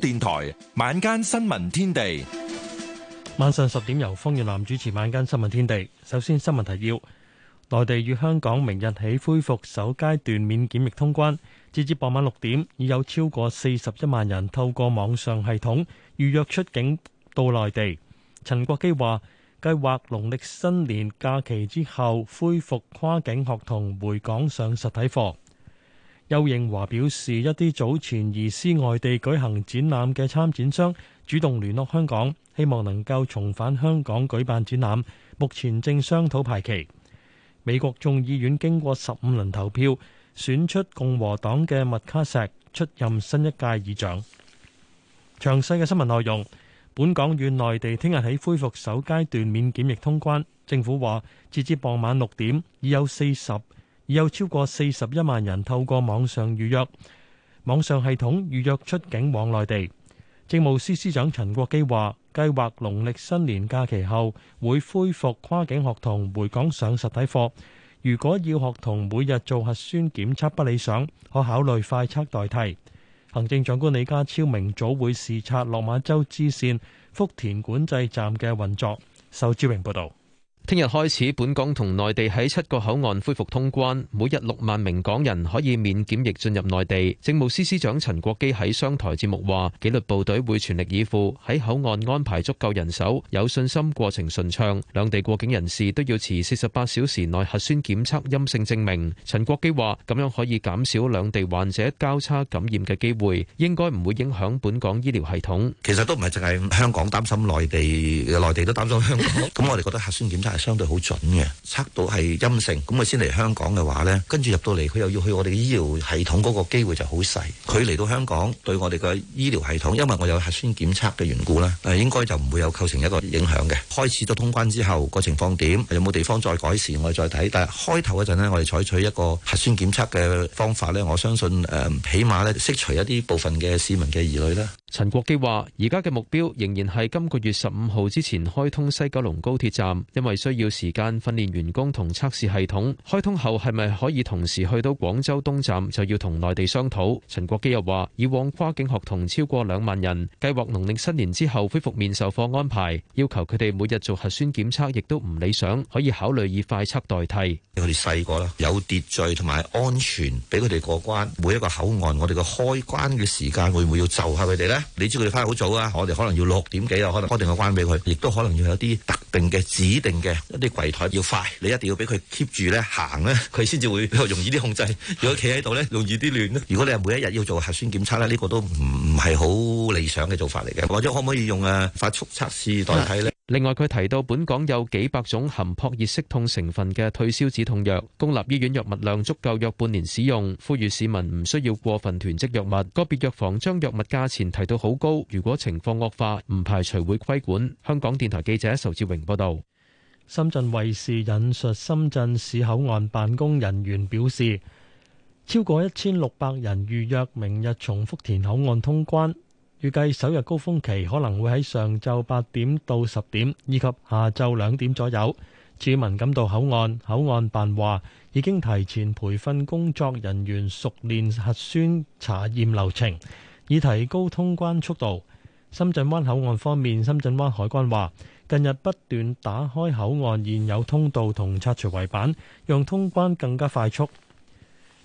電台晚間新聞天地，晚上十點由方月南主持。晚間新聞天地，首先新聞提要：內地與香港明日起恢復首階段免檢疫通關，截至傍晚六點，已有超過四十一萬人透過網上系統預約出境到內地。陳國基話：計劃農曆新年假期之後恢復跨境學童回港上實體課。邱應華表示，一啲早前移師外地舉行展覽嘅參展商主動聯絡香港，希望能夠重返香港舉辦展覽，目前正商討排期。美國眾議院經過十五輪投票，選出共和黨嘅麥卡錫出任新一屆議長。詳細嘅新聞內容，本港與內地聽日起恢復首階段免檢疫通關。政府話，截至傍晚六點，已有四十。有超過四十一萬人透過網上預約，網上系統預約出境往內地。政務司司長陳國基話，計劃農曆新年假期後會恢復跨境學童回港上實體課。如果要學童每日做核酸檢測不理想，可考慮快測代替。行政長官李家超明早會視察落馬洲支線福田管制站嘅運作。仇志榮報道。聽日開始，本港同內地喺七個口岸恢復通關，每日六萬名港人可以免檢疫進入內地。政務司司長陳國基喺商台節目話，紀律部隊會全力以赴喺口岸安排足夠人手，有信心過程順暢。兩地過境人士都要持四十八小時內核酸檢測陰性證明。陳國基話，咁樣可以減少兩地患者交叉感染嘅機會，應該唔會影響本港醫療系統。其實都唔係淨係香港擔心內地，內地都擔心香港。咁我哋覺得核酸檢測。相對好準嘅，測到係陰性，咁佢先嚟香港嘅話呢，跟住入到嚟，佢又要去我哋嘅醫療系統嗰、那個機會就好細。佢嚟到香港對我哋嘅醫療系統，因為我有核酸檢測嘅緣故呢，但應該就唔會有構成一個影響嘅。開始咗通關之後個情況點，有冇地方再改善，我哋再睇。但係開頭嗰陣呢，我哋採取一個核酸檢測嘅方法呢，我相信誒、呃，起碼咧，釋除一啲部分嘅市民嘅疑慮啦。陳國基話：而家嘅目標仍然係今個月十五號之前開通西九龍高鐵站，因為需要時間訓練員工同測試系統。開通後係咪可以同時去到廣州東站，就要同內地商討。陳國基又話：以往跨境學童超過兩萬人，計劃農曆新年之後恢復面授課安排，要求佢哋每日做核酸檢測，亦都唔理想，可以考慮以快測代替。因為我哋細個啦，有秩序同埋安全俾佢哋過關，每一個口岸我哋嘅開關嘅時間會唔會要就下佢哋呢？你知佢哋返好早啊，我哋可能要六點幾啊，可能開定個關俾佢，亦都可能要有啲特定嘅指定嘅一啲櫃台要快，你一定要俾佢 keep 住呢，行咧，佢先至會比較容易啲控制。如果企喺度呢， 容易啲亂。如果你係每一日要做核酸檢測咧，呢、這個都唔唔係好理想嘅做法嚟嘅。或者可唔可以用啊快速測試代替呢？ 另外，佢提到本港有幾百種含撲熱息痛成分嘅退燒止痛藥，公立醫院藥物量足夠約半年使用，呼籲市民唔需要過分囤積藥物。個別藥房將藥物價錢提到好高，如果情況惡化，唔排除會規管。香港電台記者仇志榮報道。深圳衛視引述深圳市口岸辦公人員表示，超過一千六百人預約明日從福田口岸通關。預計首日高峰期可能會喺上晝八點到十點，以及下晝兩點左右。市民感到口岸，口岸辦話已經提前培訓工作人員熟練核酸查驗流程，以提高通關速度。深圳灣口岸方面，深圳灣海關話近日不斷打開口岸現有通道同拆除圍板，讓通關更加快速。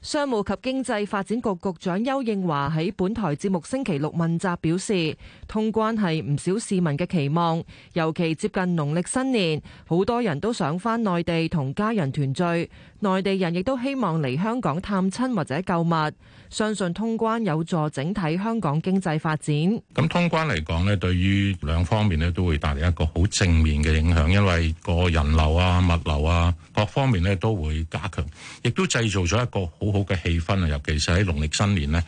商務及經濟發展局局長邱應華喺本台節目星期六問責表示，通關係唔少市民嘅期望，尤其接近農曆新年，好多人都想返內地同家人團聚，內地人亦都希望嚟香港探親或者購物。相信通關有助整體香港經濟發展。咁通關嚟講咧，對於兩方面咧都會帶嚟一個好正面嘅影響，因為個人流啊、物流啊。各方面咧都會加強，亦都製造咗一個好好嘅氣氛啊！尤其是喺農曆新年咧，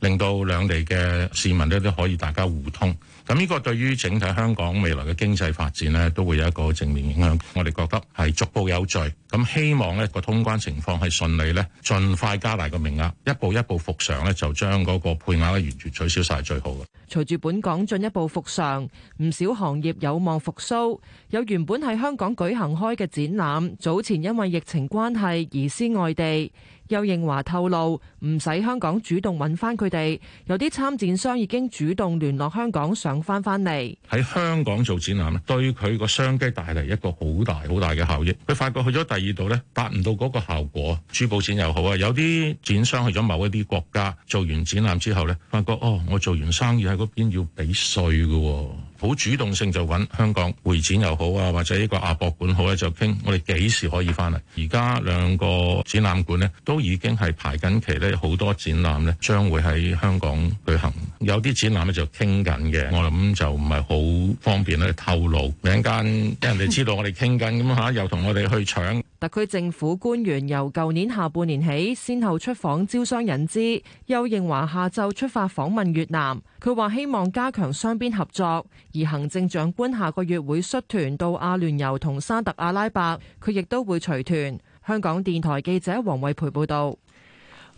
令到兩地嘅市民咧都可以大家互通。咁呢個對於整體香港未來嘅經濟發展呢，都會有一個正面影響。我哋覺得係逐步有序咁，希望呢個通關情況係順利呢，盡快加大個名額，一步一步復常呢，就將嗰個配額完全取消晒，最好嘅。隨住本港進一步復常，唔少行業有望復甦。有原本喺香港舉行開嘅展覽，早前因為疫情關係移師外地。邱應華透露，唔使香港主動揾翻佢哋，有啲參展商已經主動聯絡香港想，想翻翻嚟。喺香港做展覽咧，對佢個商機帶嚟一個好大好大嘅效益。佢發覺去咗第二度呢，達唔到嗰個效果。珠寶展又好啊，有啲展商去咗某一啲國家做完展覽之後呢，發覺哦，我做完生意喺嗰邊要俾稅㗎。好主動性就揾香港會展又好啊，或者呢個亞博館好咧，就傾我哋幾時可以翻嚟。而家兩個展覽館咧，都已經係排緊期咧，好多展覽咧將會喺香港舉行。有啲展覽咧就傾緊嘅，我諗就唔係好方便咧、啊、透露陣間，因人哋知道我哋傾緊咁嚇，又同我哋去搶。特區政府官員由舊年下半年起先後出訪招商引資，邱應華下晝出發訪問越南，佢話希望加強雙邊合作。而行政長官下個月會率團到阿聯酋同沙特阿拉伯，佢亦都會隨團。香港電台記者黃慧培報道。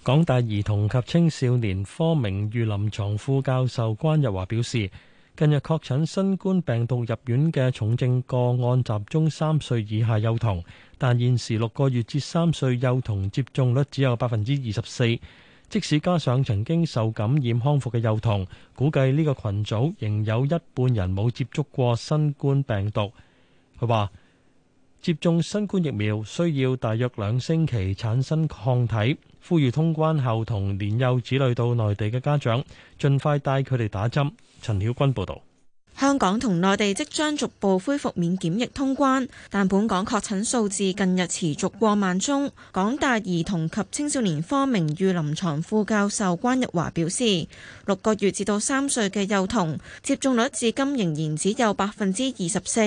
港大兒童及青少年科名譽臨牀副教授關日華表示，近日確診新冠病毒入院嘅重症個案集中三歲以下幼童，但現時六個月至三歲幼童接種率只有百分之二十四。即使加上曾經受感染康復嘅幼童，估計呢個群組仍有一半人冇接觸過新冠病毒。佢話，接種新冠疫苗需要大約兩星期產生抗體，呼籲通關後同年幼子女到內地嘅家長盡快帶佢哋打針。陳曉君報道。香港同內地即將逐步恢復免檢疫通關，但本港確診數字近日持續過萬宗。港大兒童及青少年科名譽臨床副教授關日華表示，六個月至到三歲嘅幼童接種率至今仍然只有百分之二十四，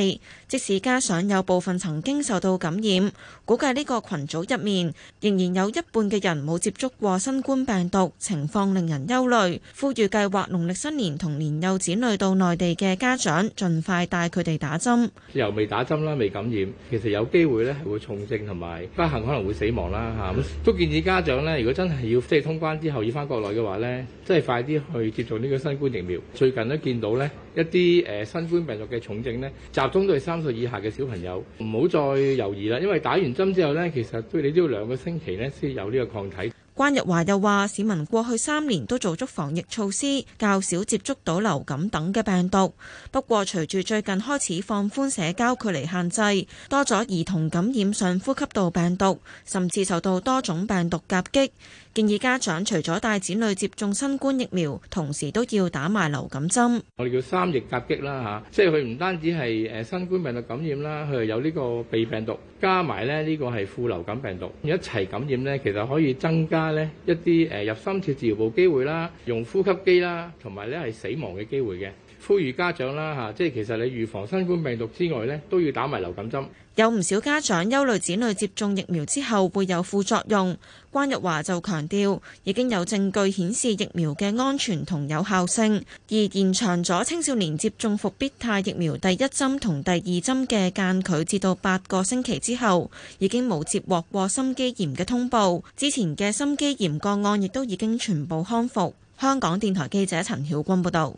即使加上有部分曾經受到感染，估計呢個群組入面仍然有一半嘅人冇接觸過新冠病毒，情況令人憂慮。呼籲計劃農曆新年同年幼子女到內地嘅家長盡快帶佢哋打針，又未打針啦，未感染，其實有機會咧係會重症，同埋不幸可能會死亡啦吓。咁都 建議家長咧，如果真係要即係通關之後要翻國內嘅話咧，即係快啲去接種呢個新冠疫苗。最近都見到咧一啲誒新冠病毒嘅重症咧，集中都係三歲以下嘅小朋友，唔好再猶豫啦。因為打完針之後咧，其實對你都要兩個星期咧先有呢個抗體。關日華又話：市民過去三年都做足防疫措施，較少接觸到流感等嘅病毒。不過，隨住最近開始放寬社交距離限制，多咗兒童感染上呼吸道病毒，甚至受到多種病毒夾擊。建議家長除咗帶子女接種新冠疫苗，同時都要打埋流感針。我哋叫三疫夾擊啦嚇，即係佢唔單止係誒新冠病毒感染啦，佢又有呢個鼻病毒，加埋咧呢個係副流感病毒，一齊感染咧，其實可以增加咧一啲誒入深切治療部機會啦，用呼吸機啦，同埋咧係死亡嘅機會嘅。呼籲家長啦，嚇！即係其實你預防新冠病毒之外咧，都要打埋流感針。有唔少家長憂慮子女接種疫苗之後會有副作用。關日華就強調，已經有證據顯示疫苗嘅安全同有效性，而延長咗青少年接種復必泰疫苗第一針同第二針嘅間距至到八個星期之後，已經冇接獲過心肌炎嘅通報。之前嘅心肌炎個案亦都已經全部康復。香港電台記者陳曉君報導。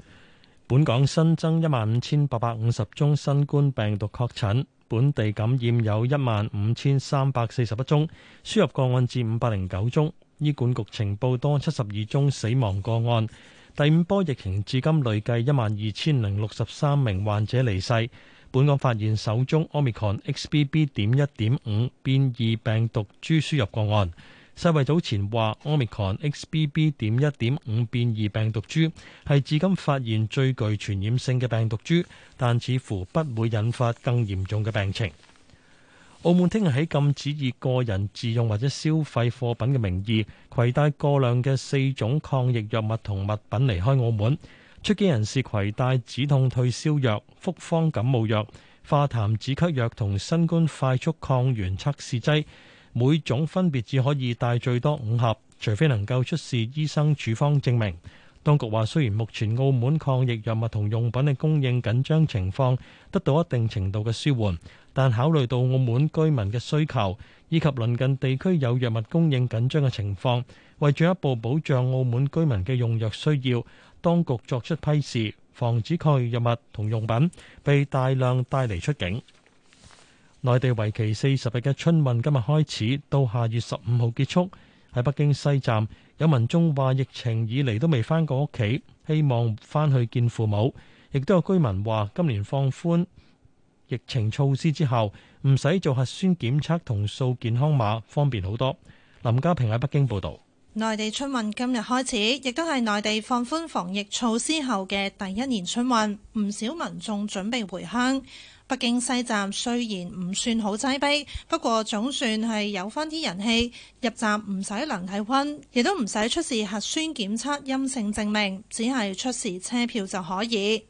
本港新增一萬五千八百五十宗新冠病毒確診，本地感染有一萬五千三百四十一宗，輸入個案至五百零九宗。醫管局情報多七十二宗死亡個案。第五波疫情至今累計一萬二千零六十三名患者離世。本港發現首宗 Omicron XBB. 點一點五變異病毒株輸入個案。世衛早前話，Omicron XBB. 點一點五變異病毒株係至今發現最具傳染性嘅病毒株，但似乎不會引發更嚴重嘅病情。澳門聽日喺禁止以個人自用或者消費貨品嘅名義，携帶過量嘅四種抗疫藥物同物品離開澳門。出境人士携帶止痛退燒藥、複方感冒藥、化痰止咳藥同新冠快速抗原測試劑。每種分別只可以帶最多五盒，除非能夠出示醫生處方證明。當局話，雖然目前澳門抗疫藥物同用品嘅供應緊張情況得到一定程度嘅舒緩，但考慮到澳門居民嘅需求，以及鄰近地區有藥物供應緊張嘅情況，為進一步保障澳門居民嘅用藥需要，當局作出批示，防止抗疫藥物同用品被大量帶離出境。內地為期四十日嘅春運今日開始，到下月十五號結束。喺北京西站，有民眾話疫情以嚟都未翻過屋企，希望翻去見父母。亦都有居民話今年放寬疫情措施之後，唔使做核酸檢測同掃健康碼，方便好多。林家平喺北京報道：內地春運今日開始，亦都係內地放寬防疫措施後嘅第一年春運。唔少民眾準備回鄉。北京西站雖然唔算好擠逼，不過總算係有返啲人氣。入站唔使量體溫，亦都唔使出示核酸檢測陰性證明，只係出示車票就可以。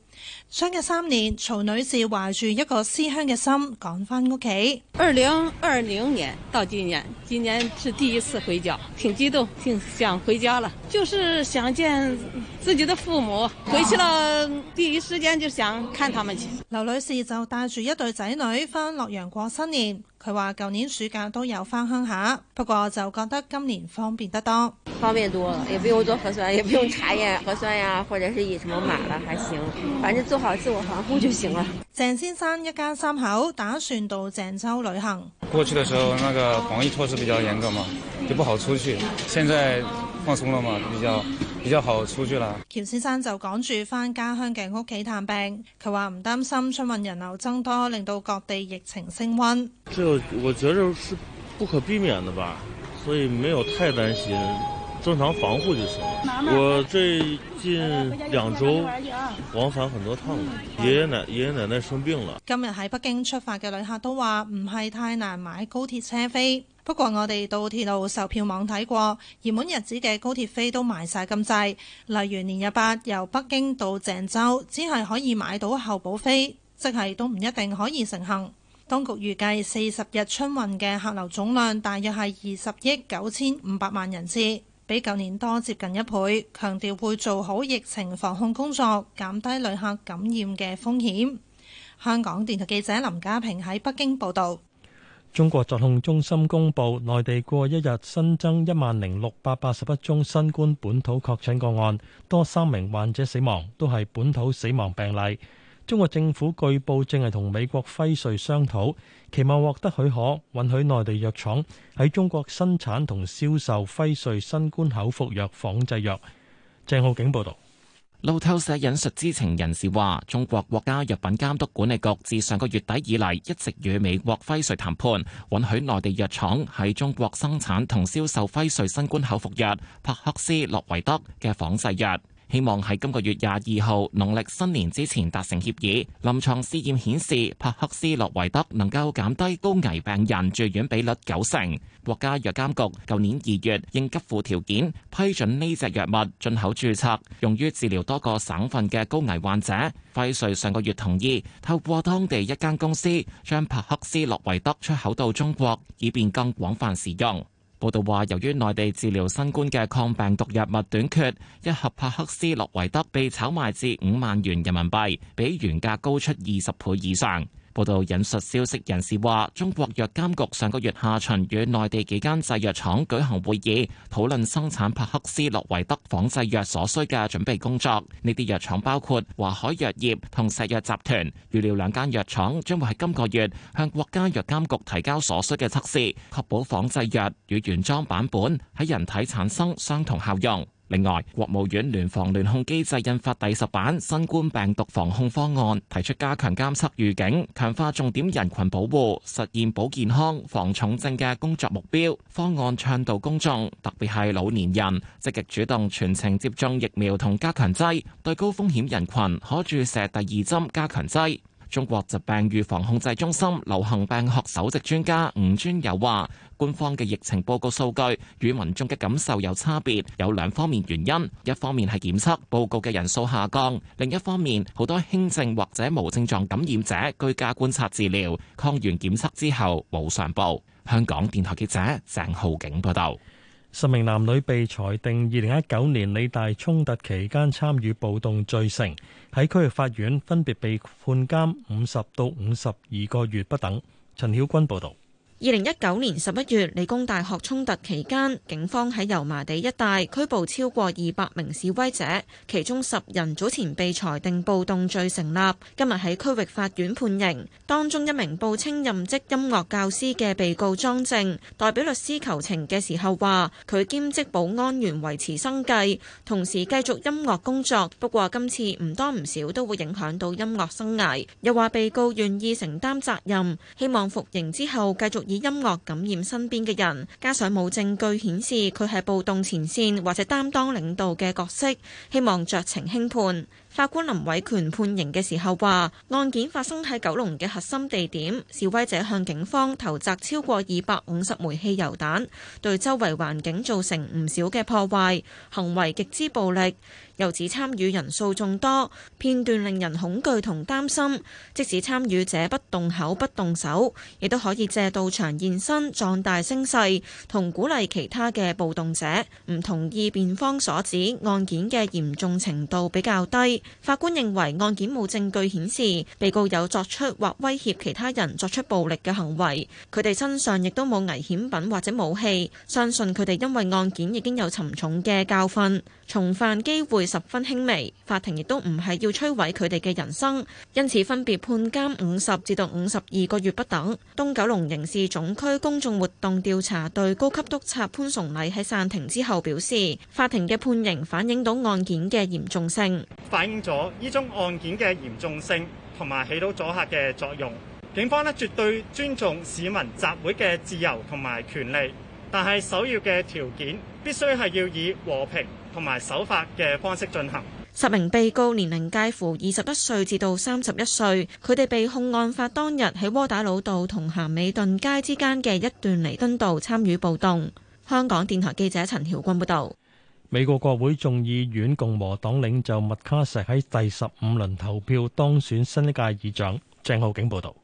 相隔三,三年，曹女士懷住一個思鄉嘅心，趕翻屋企。二零二零年到今年，今年是第一次回家，挺激動，挺想回家了，就是想見自己的父母。回去了，第一時間就想看他們去。去劉 女士就帶住一對仔女翻洛陽過新年。佢話：舊年暑假都有返鄉下，不過就覺得今年方便得多。方便多了，也不用做核酸，也不用查驗核酸呀、啊，或者是以什麼碼啦，還行，反正做好自我防護就行了。鄭先生一家三口打算到鄭州旅行。過去的時候，那個防疫措施比較嚴格嘛，就不好出去。現在放鬆了嘛，比較。比較好出去啦。喬先生就趕住翻家鄉嘅屋企探病。佢話唔擔心春運人流增多，令到各地疫情升溫。這我覺得是不可避免的吧，所以沒有太擔心，正常防護就行了。我最近兩周往返很多趟，爺爺奶奶爺爺奶奶生病了。今日喺北京出發嘅旅客都話唔係太難買高鐵車飛。不過，我哋到鐵路售票網睇過，熱門日子嘅高鐵飛都賣晒咁滯。例如年日八由北京到鄭州，只係可以買到候補飛，即係都唔一定可以成行。當局預計四十日春運嘅客流總量大約係二十億九千五百萬人次，比舊年多接近一倍。強調會做好疫情防控工作，減低旅客感染嘅風險。香港電台記者林家平喺北京報道。中國疾控中心公布，內地過一日新增一萬零六百八十一宗新冠本土確診個案，多三名患者死亡，都係本土死亡病例。中國政府據報正係同美國輝瑞商討，期望獲得許可，允許內地藥廠喺中國生產同銷售輝瑞新冠口服藥仿製藥。鄭浩景報道。路透社引述知情人士話，中國國家藥品監督管理局自上個月底以嚟一直與美國輝瑞談判，允許內地藥廠喺中國生產同銷售輝瑞新冠口服藥帕克斯洛維德嘅仿製藥。希望喺今個月廿二號農曆新年之前達成協議。臨牀試驗顯示，帕克斯洛維德能夠減低高危病人住院比率九成。國家藥監局舊年二月應急附條件批准呢隻藥物進口註冊，用於治療多個省份嘅高危患者。輝瑞上個月同意透過當地一間公司將帕克斯洛維德出口到中國，以便更廣泛使用。報道話，由於內地治療新冠嘅抗病毒藥物短缺，一盒帕克斯洛維德被炒賣至五萬元人民幣，比原價高出二十倍以上。報道引述消息人士話，中國藥監局上個月下旬與內地幾間製藥廠舉行會議，討論生產帕克斯洛維德仿製藥所需嘅準備工作。呢啲藥廠包括華海藥業同石藥集團。預料兩間藥廠將會喺今個月向國家藥監局提交所需嘅測試，確保仿製藥與原裝版本喺人體產生相同效用。另外，國務院聯防聯控機制印發第十版新冠病毒防控方案，提出加強監測預警、強化重點人群保護、實現保健康、防重症嘅工作目標。方案倡導公眾，特別係老年人積極主動全程接種疫苗同加強劑，對高風險人群可注射第二針加強劑。中國疾病預防控制中心流行病學首席專家吳尊友話，官方嘅疫情報告數據與民眾嘅感受有差別，有兩方面原因，一方面係檢測報告嘅人數下降，另一方面好多輕症或者無症狀感染者居家觀察治療，抗原檢測之後冇上報。香港電台記者鄭浩景報道。十名男女被裁定，二零一九年理大衝突期間參與暴動罪成，喺區域法院分別被判監五十到五十二個月不等。陳曉君報道。二零一九年十一月，理工大學衝突期間，警方喺油麻地一帶拘捕超過二百名示威者，其中十人早前被裁定暴動罪成立。今日喺區域法院判刑，當中一名報稱任職音樂教師嘅被告莊正，代表律師求情嘅時候話，佢兼職保安員維持生計，同時繼續音樂工作。不過今次唔多唔少都會影響到音樂生涯。又話被告願意承擔責任，希望服刑之後繼續以音樂感染身邊嘅人，加上冇證據顯示佢係暴動前線或者擔當領導嘅角色，希望酌情輕判。法官林偉權判刑嘅時候話，案件發生喺九龍嘅核心地點，示威者向警方投擲超過二百五十枚汽油彈，對周圍環境造成唔少嘅破壞，行為極之暴力。又指參與人數眾多，片段令人恐懼同擔心。即使參與者不動口不動手，亦都可以借到場現身壯大聲勢，同鼓勵其他嘅暴動者。唔同意辯方所指案件嘅嚴重程度比較低。法官認為案件冇證據顯示被告有作出或威脅其他人作出暴力嘅行為，佢哋身上亦都冇危險品或者武器，相信佢哋因為案件已經有沉重嘅教訓，重犯機會十分輕微。法庭亦都唔係要摧毀佢哋嘅人生，因此分別判監五十至到五十二個月不等。東九龍刑事總區公眾活動調查隊高級督察潘崇禮喺散庭之後表示，法庭嘅判刑反映到案件嘅嚴重性。反咗呢宗案件嘅嚴重性，同埋起到阻嚇嘅作用。警方咧絕對尊重市民集會嘅自由同埋權利，但係首要嘅條件必須係要以和平同埋守法嘅方式進行。十名被告年齡介乎二十一歲至到三十一歲，佢哋被控案發當日喺窩打老道同咸美頓街之間嘅一段彌敦道參與暴動。香港電台記者陳曉君報道。美國國會眾議院共和黨領袖麥卡錫喺第十五輪投票當選新一屆議長。鄭浩景報道。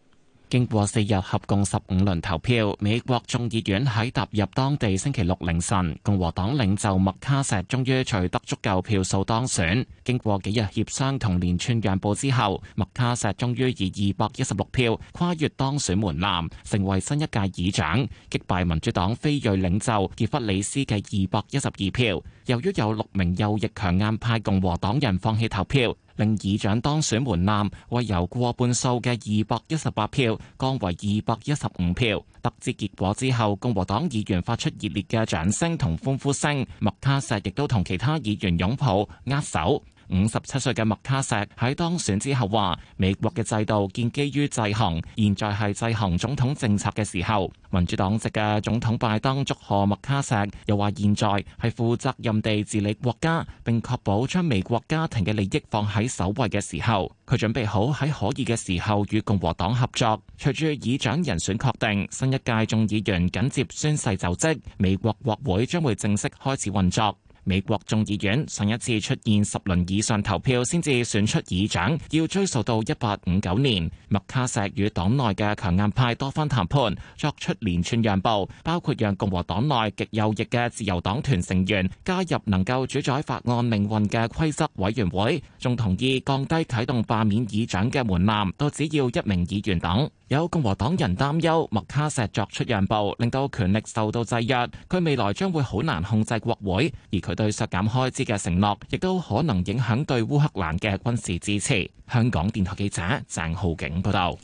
經過四日合共十五輪投票，美國眾議院喺踏入當地星期六凌晨，共和黨領袖麥卡錫終於取得足夠票數當選。經過幾日協商同連串讓步之後，麥卡錫終於以二百一十六票跨越當選門檻，成為新一屆議長，擊敗民主黨非裔領袖傑弗里斯嘅二百一十二票。由於有六名右翼強硬派共和黨人放棄投票。令議長當選門檻為由過半數嘅二百一十八票降為二百一十五票。得知結果之後，共和黨議員發出熱烈嘅掌聲同歡呼聲，麥卡錫亦都同其他議員擁抱握手。五十七歲嘅麥卡錫喺當選之後話：美國嘅制度建基於制衡，現在係制衡總統政策嘅時候。民主黨籍嘅總統拜登祝賀麥卡錫，又話現在係負責任地治理國家，並確保將美國家庭嘅利益放喺首位嘅時候，佢準備好喺可以嘅時候與共和黨合作。隨住議長人選確定，新一屆眾議員緊接宣誓就職，美國國會將會正式開始運作。美國眾議院上一次出現十輪以上投票先至選出議長，要追溯到一八五九年。麥卡錫與黨內嘅強硬派多番談判，作出連串讓步，包括讓共和黨內極右翼嘅自由黨團成員加入能夠主宰法案命運嘅規則委員會，仲同意降低啟動罷免議長嘅門檻，都只要一名議員等。有共和黨人擔憂，麥卡錫作出讓步，令到權力受到制約，佢未來將會好難控制國會。而佢對削減開支嘅承諾，亦都可能影響對烏克蘭嘅軍事支持。香港電台記者鄭浩景報道。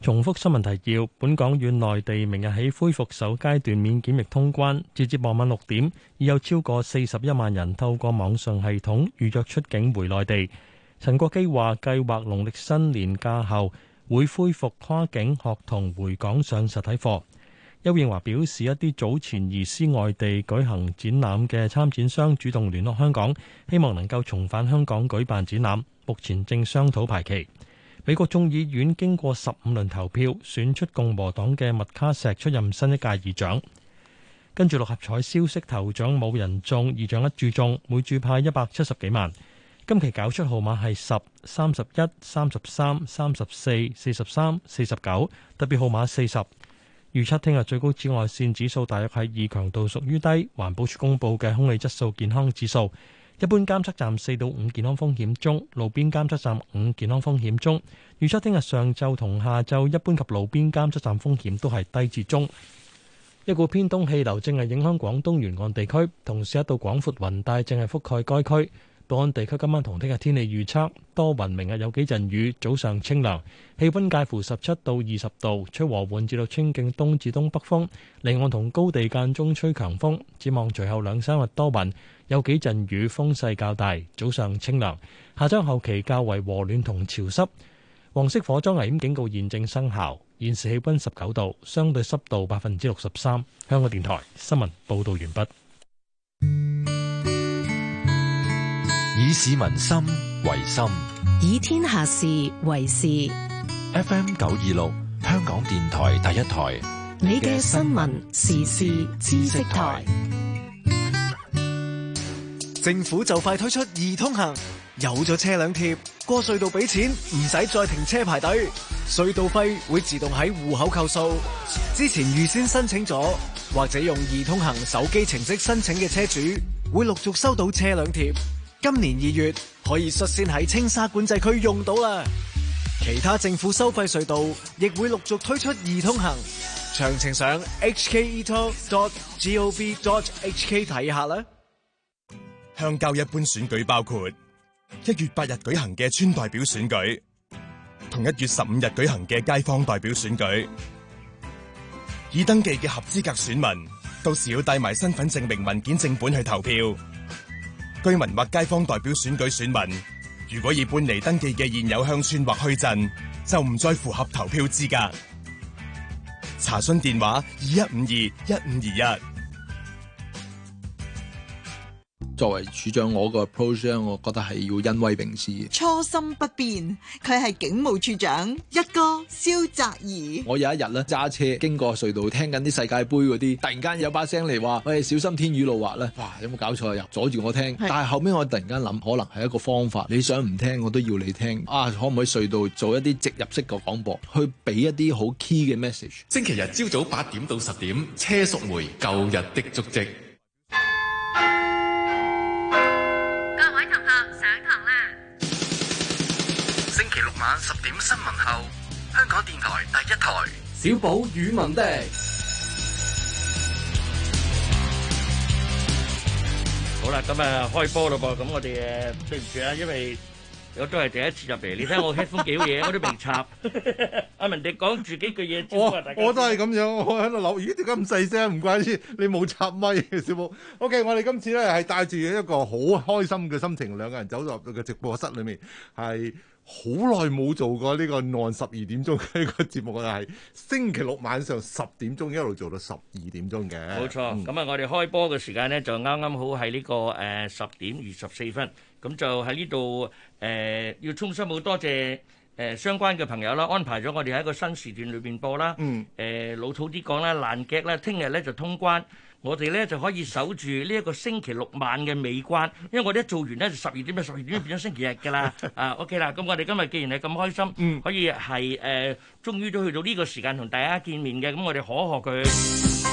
重複新聞提要：本港與內地明日起恢復首階段免檢疫通關，截至傍晚六點，已有超過四十一萬人透過網上系統預約出境回內地。陳國基話：計劃農曆新年假後。會恢復跨境學童回港上實體課。邱應華表示，一啲早前移師外地舉行展覽嘅參展商主動聯絡香港，希望能夠重返香港舉辦展覽，目前正商討排期。美國眾議院經過十五輪投票，選出共和黨嘅麥卡錫出任新一屆議長。跟住六合彩消息，頭獎冇人中，二獎一注中，每注派一百七十幾萬。今期攪出號碼係十三、十一、三十三、三十四、四十三、四十九，特別號碼四十。預測聽日最高紫外線指數大約係二，強度屬於低。環保署公布嘅空氣質素健康指數，一般監測站四到五健康風險中，路邊監測站五健康風險中。預測聽日上晝同下晝，一般及路邊監測站風險都係低至中。一股偏東氣流正係影響廣東沿岸地區，同時一道廣闊雲帶正係覆蓋該區。本港地區今晚同聽日天氣預測多雲，明日有幾陣雨，早上清涼，氣溫介乎十七到二十度，吹和緩至到清勁東至東北風，離岸同高地間中吹強風。展望隨後兩三日多雲，有幾陣雨，風勢較大，早上清涼。下周後期較為和暖同潮濕。黃色火災危險警告現正生效。現時氣溫十九度，相對濕度百分之六十三。香港電台新聞報道完畢。以市民心為心，以天下事為事。F. M. 九二六，香港電台第一台。你嘅新聞時事知識台。政府就快推出易通行，有咗車輛貼過隧道錢，俾錢唔使再停車排隊，隧道費會自動喺戶口扣數。之前預先申請咗或者用易通行手機程式申請嘅車主，會陸續收到車輛貼。今年二月可以率先喺青沙管制區用到啦，其他政府收費隧道亦會陸續推出易通行。詳情上 hketoll.gov.hk 睇下啦。鄉郊一般選舉包括一月八日舉行嘅村代表選舉，同一月十五日舉行嘅街坊代表選舉。已登記嘅合資格選民到時要帶埋身份證明文件正本去投票。居民或街坊代表選舉選民，如果已搬離登記嘅現有鄉村或墟鎮，就唔再符合投票資格。查詢電話21 5 21 5 21：二一五二一五二一。作為處長，我個 approach 我覺得係要恩威並施。初心不變，佢係警務處長一哥蕭澤頤。我有一日咧揸車經過隧道，聽緊啲世界杯嗰啲，突然間有把聲嚟話：哎，我哋小心天雨路滑啦！哇，有冇搞錯啊？又阻住我聽。是但係後尾我突然間諗，可能係一個方法。你想唔聽，我都要你聽。啊，可唔可以隧道做一啲植入式嘅廣播，去俾一啲好 key 嘅 message？星期日朝早八點到十點，車淑梅舊日的足跡。點新聞後，香港電台第一台小寶與文迪，好啦，咁啊開波咯噃，咁我哋誒，對唔住啊，因為我都係第一次入嚟，你聽我聽咗幾好嘢，我都未插。阿文迪講住幾句嘢住啊，大家。我我都係咁樣，我喺度諗，咦？點解咁細聲？唔怪之，你冇插咪，小寶。O K，我哋今次咧係帶住一個好開心嘅心情，兩個人走入個直播室裏面係。好耐冇做過呢個 n 十二點鐘呢個節目，就係星期六晚上十點鐘一路做到十二點鐘嘅。冇錯，咁啊，我哋開播嘅時間呢，就啱啱好係呢、呢個誒十、呃、點二十四分，咁就喺呢度誒要衷心好多謝誒、呃、相關嘅朋友啦，安排咗我哋喺個新時段裏邊播啦。嗯、呃，誒老土啲講啦，爛劇咧，聽日咧就通關。我哋咧就可以守住呢一個星期六晚嘅尾關，因為我哋一做完咧就十二點啦，十二點變咗星期日㗎啦。 啊，OK 啦，咁我哋今日既然係咁開心，嗯、可以係誒終於都去到呢個時間同大家見面嘅，咁我哋可學佢。